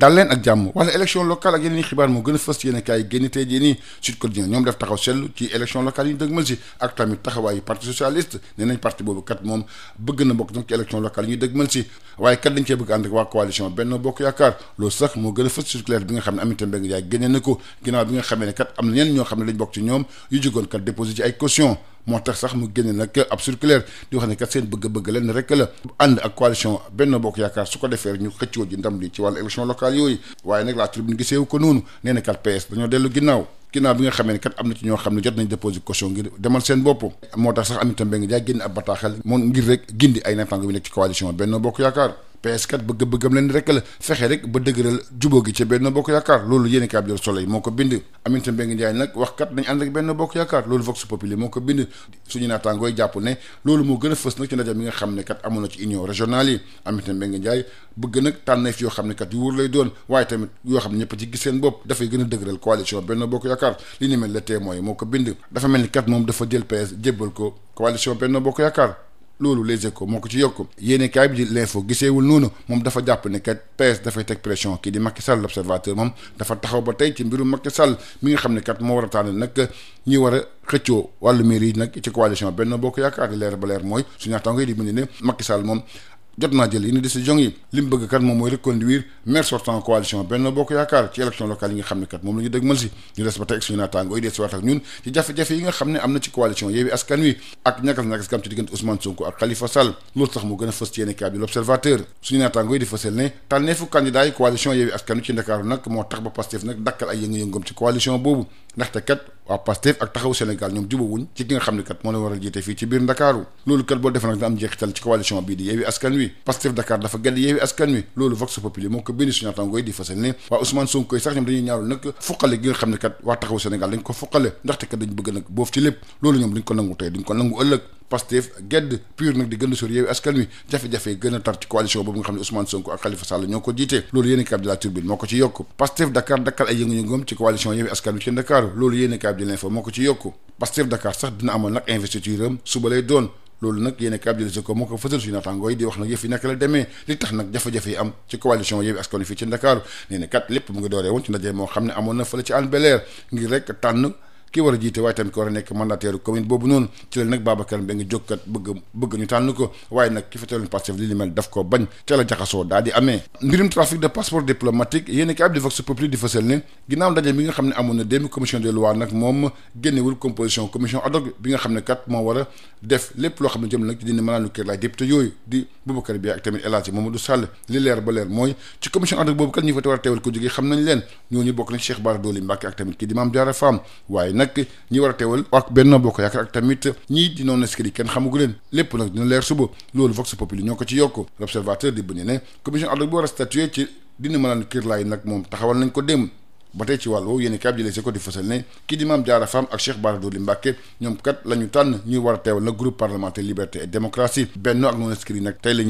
dal leen ak jàmm wala élection locale ak yeneen i xibaar moo gën a fës ci yéen kaay génn tey jii nii Sud Quotidien ñoom def taxaw seetlu ci élection locale yi ñu dëgmal si ak na si waaye kat dañ cee bëgg ànd waa coalition Benno Bokk Yaakaar loolu sax moo gën a fës circulaire bi nga xam ne Aminata Mbengue Ndiaye génne na ko ginnaaw bi nga xamee ne kat am na ñenn ñoo xam ne lañ bokk ci ñoom yu jógoon kat déposé ci ay caution moo tax sax mu génne nag ab circulaire di wax ne kat seen bëgg-bëgg leen rek la ànd ak coalition benn bokk yaakaar su ko defee ñu xëccoo ji ndam li ci wàllu élection locale yooyu waaye nag la tribune giseewu ko noonu nee na kat PS dañoo dellu ginnaaw ginnaaw bi nga xamee ne kat am na ci ñoo xam ne jot nañ déposé caution ngir demal seen bopp moo tax sax Aminata Mbengue Ndiaye génne ab bataaxal moom ngir rek gindi ay naataango bi nekk PS4 bëgg-bëggam leen rek la fexe rek ba dëgëral jubóo gi ca benn bokk yaakaar loolu yéen i kaab jël soleil moo ko bind Aminata Mbengue Ndiaye nag wax kat nañ ànd ak benn bokk yaakaar loolu vox populi moo ko bind suñu naataangooy jàpp ne loolu moo gën a fës nag ci nga xam ne kat amoon na ci union régionale yi Aminata Mbengue Ndiaye yoo xam ne kat yu wóor lay doon waaye tamit yoo xam ne ñëpp ci gis seen bopp dafay gën a dëgëral coalition benn bokk yaakaar li ni mel la témoin moo ko bind dafa mel ni kat moom dafa jël PS jébbal ko coalition benn bokk yaakaar loolu les ko moo ko ci yokk yéeni kaay bi di l'info giseewul noonu moom dafa jàpp ne kat PS dafay teg pression kii di Macky Sall l'observateur moom dafa taxaw ba tey ci mbirum Macky Sall mi nga xam ne kat moo war a tànn nag ñi war a xëccoo wàllu mairie yi nag ci coalition Benno Bokk Yaakaar leer ba leer mooy suñu naataango yi di mu ne Macky moom jot naa jël indi di si yi li mu bëgg kat moom mooy reconduire maire sortant coalition Benno Bokk Yaakaar ci élection locale yi nga xam ne kat moom la ñu dëgmal si si jafe-jafe yi nga xam ne am na ci coalition Yewwi Askan Wi ak ñakas ñakas kam ci diggante Ousmane Sonko ak Khalifa Sall loolu tax mu gën a fës ci yenn cas bi l'observateur suñu naataangoo yi di fësal ne tànneefu candidat yi coalition Yewwi Askan Wi ci Ndakaaru nag moo tax ba waa Pastef ak taxaw Sénégal ñoom jubawuñ ci ki nga xam ne kat moo leen war a jiite fii ci biir Ndakaaru loolu kat boo defe nag da am njeexital ci coalition bii di Yewwi Askan Wi Pastef Dakar dafa gedd Yewwi Askan Wi loolu Vox Populi moo ko bind suñu naataangooy di fasal ne waa Ousmane Sonko sax ñoom dañuy ñaawlu nag fuqale gi nga xam ne kat waa taxaw Sénégal dañ ko fuqale ndaxte kat dañ bëgg nag boof ci lépp loolu ñoom duñ ko nangu Pastef gedd pur nag di gën a sori Yewwi Askan Wi jafe-jafe gën a tar ci coalition boobu nga xam ne Ousmane Sonko ak Khalifa Sall ñoo ko jiite loolu yéeni kaab di la moo ko ci yokk Pastef Dakar sax dina amal nag investiture am suba lay doon loolu nag yéeni kaab jafe-jafe yi am ci coalition Yewwi Askan Wi fii ci Dakar nee kat lépp mu ngi dooree woon ci moo xam ne amoon na fële ci Hann bel ngir rek ki war a jiite waaye tamit ki war a nekk mandataire commune boobu noonu ci la nag Babacar Mbengue jóg kat bëgg bëgg ñu tànn ko waaye nag ki fetaloon Pastef li def lépp loo kër laay député yooyu di Boubacar Biaye ak tamit El Hadji Mamadou Sall li leer ba leer mooy ci commission ad boobu kat ñu fa war a teewal ko jógee xam nañ leen ñooñu bokk nañ Cheikh Bara Dolly Mbacké ak tamit kii di Mame Diarra Fam waaye nag ñi war a teewal ak Benno Bokk Yaakaar ak tamit ñii di non inscrits yi kenn xamugu leen lépp nag dina leer suba loolu Vox Populi ñoo ko ci yokk l'observateur di bëñ ne commission ad bi war a statuer ci dina malaan kër laay nag moom taxawal nañ ko dem ba tey ci wàll woowu yéen i kaab jëlee si ko di fësal kii di maam Diarra Fam ak Cheikh Bara Dolly Mbacké ñoom kat la ñu tànn ñuy war a teewal nag groupe parlementaire liberté et démocratie benno ak non inscrits yi nag tey la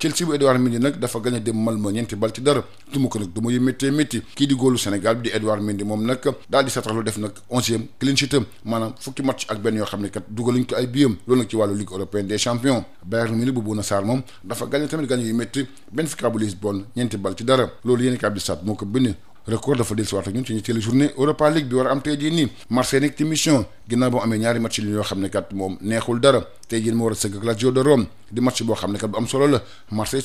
Chelsea bu Edouard Mendy nag dafa gagné dem Malmo ñeenti bal ci dara tumu ko nag du ma yu méttee métti kii di góolu Sénégal di Edouard Mendy moom nag daal di satax lu def nag onzième clean sheet maanaam fukki match ak benn yoo xam ne kat dugaluñ ko ay biyam loolu nag ci wàllu ligue européenne des champions Bayern Munich bu Bouna Sarr moom dafa gagné tamit gagné yu métti Benfica bu Lisbonne ñeenti bal ci dara loolu yéen kaab di sat moo ko bind record dafa dellu si waat ak ñun ci ñu teel journée Europa League bi war a am tey jii nii Marseille nekk ci mission ginnaaw boo amee ñaari match li yoo xam ne kat moom neexul dara tey jii mu war a sëgg ak Lazio de Rome di match a des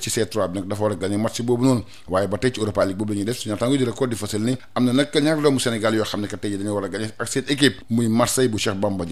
ci a gagné match boobu noonu waaye ba tey ci Europa League boobu la ñuy def suñu naataango di record di fësal ni am na nag ñaari doomu Sénégal yoo xam ne kat tey jii dañoo war a gagné ak seen équipe muy Marseille bu Cheikh Bamba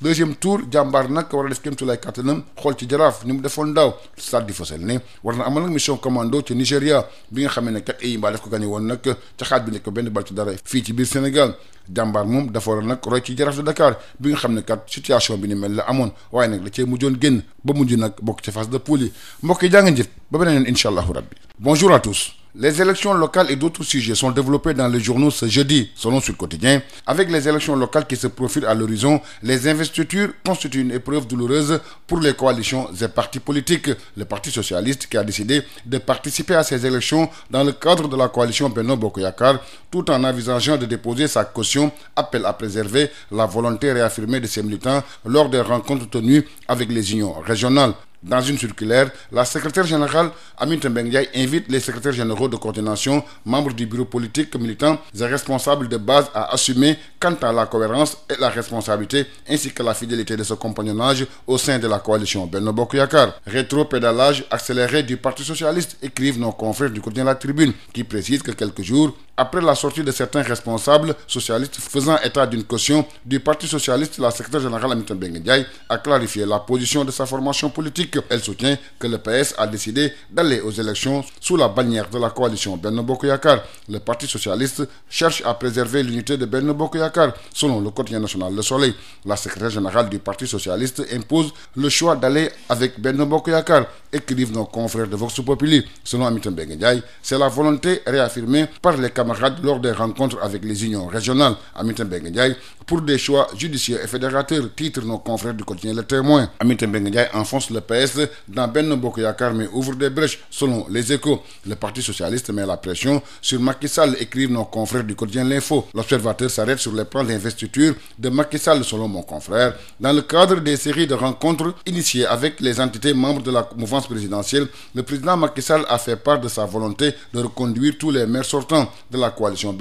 deuxième tour jàmbaar nag war a def kéem su lay kàttanam xool ci jaraaf ni mu defoon daaw stade di fësal ne war na amal nag mission commando ci Nigéria bi nga xamee ne kat Eyimba daf ko gagné woon nag ca xaaj bi ne ko benn bal ci dara fii ci biir Sénégal jàmbaar moom defoo war a nag roy ci jaraaf de Dakar bi nga xam ne kat situation bi ni mel la amoon waaye nag la cee mujjoon génn ba mujj nag bokk ci phase de poule yi mbokk yi jaa ngeen jëf ba beneen yoon incha allahu rabbi Les élections locales et d'autres sujets sont développés dans les journaux ce jeudi, selon Sud Quotidien. Avec les élections locales qui se profilent à l'horizon, les investitures constituent une épreuve douloureuse pour les coalitions et partis politiques. Le Parti socialiste qui a décidé de participer à ces élections dans le cadre de la coalition Beno Bokoyakar, tout en envisageant de déposer sa caution, appelle à préserver la volonté réaffirmée de ses militants lors des rencontres avec les unions Dans une circulaire, la secrétaire générale Aminata Mbengue Ndiaye invite les secrétaires généraux de coordination, membres du bureau politique, militants et responsables de base à assumer quant à la cohérence et la responsabilité ainsi que la fidélité de ce compagnonnage au sein de la coalition Benno Bokk Yakaar. Rétropédalage accéléré du Parti socialiste, écrivent nos confrères du quotidien La Tribune, qui précise que quelques jours après la sortie de certains responsables socialistes faisant état d'une caution du Parti socialiste, la secrétaire générale Aminata Mbengue Ndiaye la position de sa formation politique. Elle soutient que le PS a décidé d'aller aux élections sous la bannière de la coalition Benno Bokk Yakaar. Le Parti socialiste cherche à préserver l'unité de Benno Bokk Yakaar, selon le quotidien national Le Soleil. La secrétaire générale du Parti socialiste impose le choix d'aller avec Benno Bokk Yakaar, camarades lors des rencontres avec les unions régionales Aminata Mbengue Ndiaye pour des choix judicieux et fédérateurs titre nos confrères du quotidien Le Témoin Aminata Mbengue Ndiaye enfonce le PS dans Benno Bokk mais ouvre des brèches selon les Échos le Parti socialiste met la pression sur Macky Sall nos confrères du quotidien L'Info l'observateur s'arrête sur les plans d'investiture de Macky selon mon confrère dans le cadre des séries de rencontres de la coalition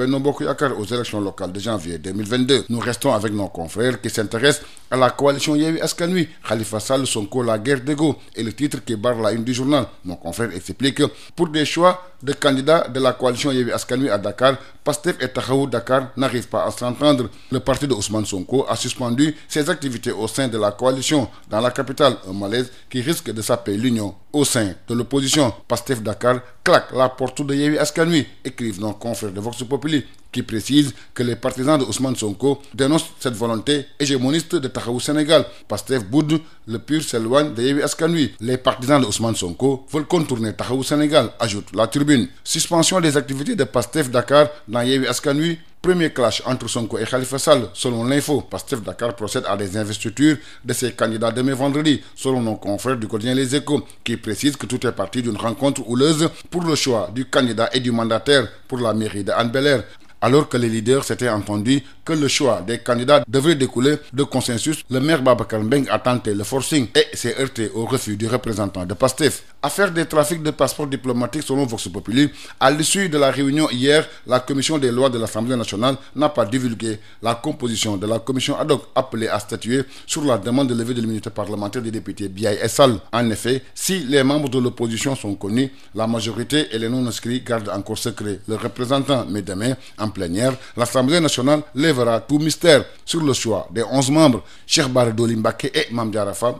à la coalition Yewwi Askan Wi Khalifa Sall Sonko la guerre d'ego et le titre qui barre la une du journal mon confrère explique pour des choix de candidats de la coalition Yewwi Askan Wi à Dakar Pastef et Taxawu Dakar n'arrivent pas à s'entendre le parti de Ousmane Sonko a suspendu ses activités au sein de la coalition dans la capitale un malaise qui risque de saper l'union au sein de l'opposition Pastef Dakar claque la porte de Yewwi Askan Wi écrivent nos confrères de Vox qui précise que les partisans de Ousmane Sonko dénoncent cette volonté hégémoniste de Taxawu Sénégal. Pastef boude, le PUR s'éloigne de Yewwi Askan Les partisans de Ousmane Sonko veulent contourner Taxawu Sénégal, ajoute la tribune. Suspension des activités de Pastef Dakar dans Yewwi Askan Premier clash entre Sonko et Khalifa Sall, selon l'info. Pastef Dakar procède à des investitures de ses candidats demain vendredi, selon nos confrères du quotidien et Alors que les leaders s'étaient entendus que le choix des candidats devrait découler de consensus, le maire Babacar Mbengue a tenté le forcing et s'est heurté au refus du représentant de Pastef. Affaire des trafics de passeports diplomatiques selon Vox Populi, à l'issue de la réunion hier, la commission des lois de l'Assemblée nationale n'a pas divulgué la composition de la commission ad hoc appelée à statuer sur la demande de levée de l'immunité parlementaire en plénière, l'Assemblée nationale lèvera tout mystère sur le choix des onze membres. Cheikh Bara Dolly et Mame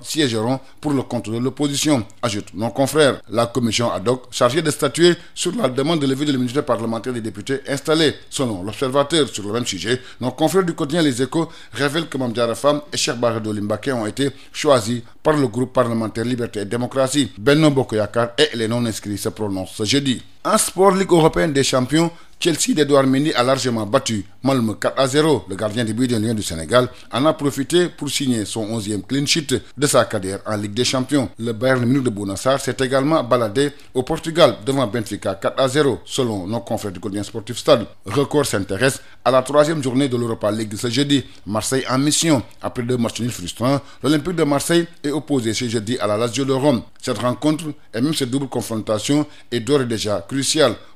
siégeront pour le compte de l'opposition, ajoute nos confrères. La commission ad hoc chargée de statuer sur la demande de levée de l'immunité parlementaire des députés installés, selon l'Observateur sur le même sujet, nos confrères du quotidien Les Échos révèlent que Mame et Cheikh Bara Dolly ont été choisis par le groupe parlementaire Liberté et Démocratie. Benno Bokk Yakaar Chelsea d'Edouard Mendy a largement battu Malm 4 à 0. Le gardien de but de Lyon du Sénégal en a profité pour signer son 11e clean sheet de sa carrière en Ligue des Champions. Le Bayern Munich de Bounassar s'est également baladé au Portugal devant Benfica 4 à 0, selon nos confrères du quotidien sportif Stade. Record s'intéresse à la troisième journée de l'Europa League de ce jeudi. Marseille en mission. Après deux matchs nuls à la Lazio de Rome. Cette rencontre et même cette double confrontation est d'ores et déjà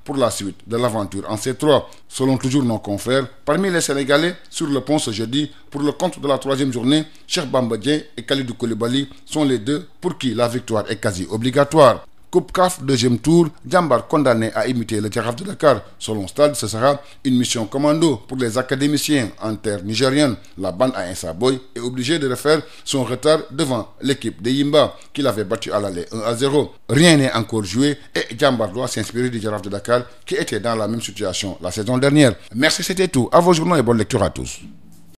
pour la suite de l'aventure en C3. Selon toujours nos confrères, parmi les Sénégalais sur le pont ce jeudi, pour le compte de la troisième journée, Cheikh Bambadien et Khalidou Koulibaly sont les deux pour qui la victoire est quasi obligatoire. Coupe CAF deuxième tour Jambar condamné à imiter le Jaraaf Dakar selon Stade ce sera une mission commando pour les académiciens en terre nigérienne la bande à Insa Boy est obligée de refaire son retard devant l'équipe de Yimba qui l'avait battu à l'aller 1 à 0 rien n'est encore joué et Jambar doit s'inspirer du Jaraaf Dakar qui était dans la même situation la saison dernière merci c'était tout à vos journaux et bonne lecture à tous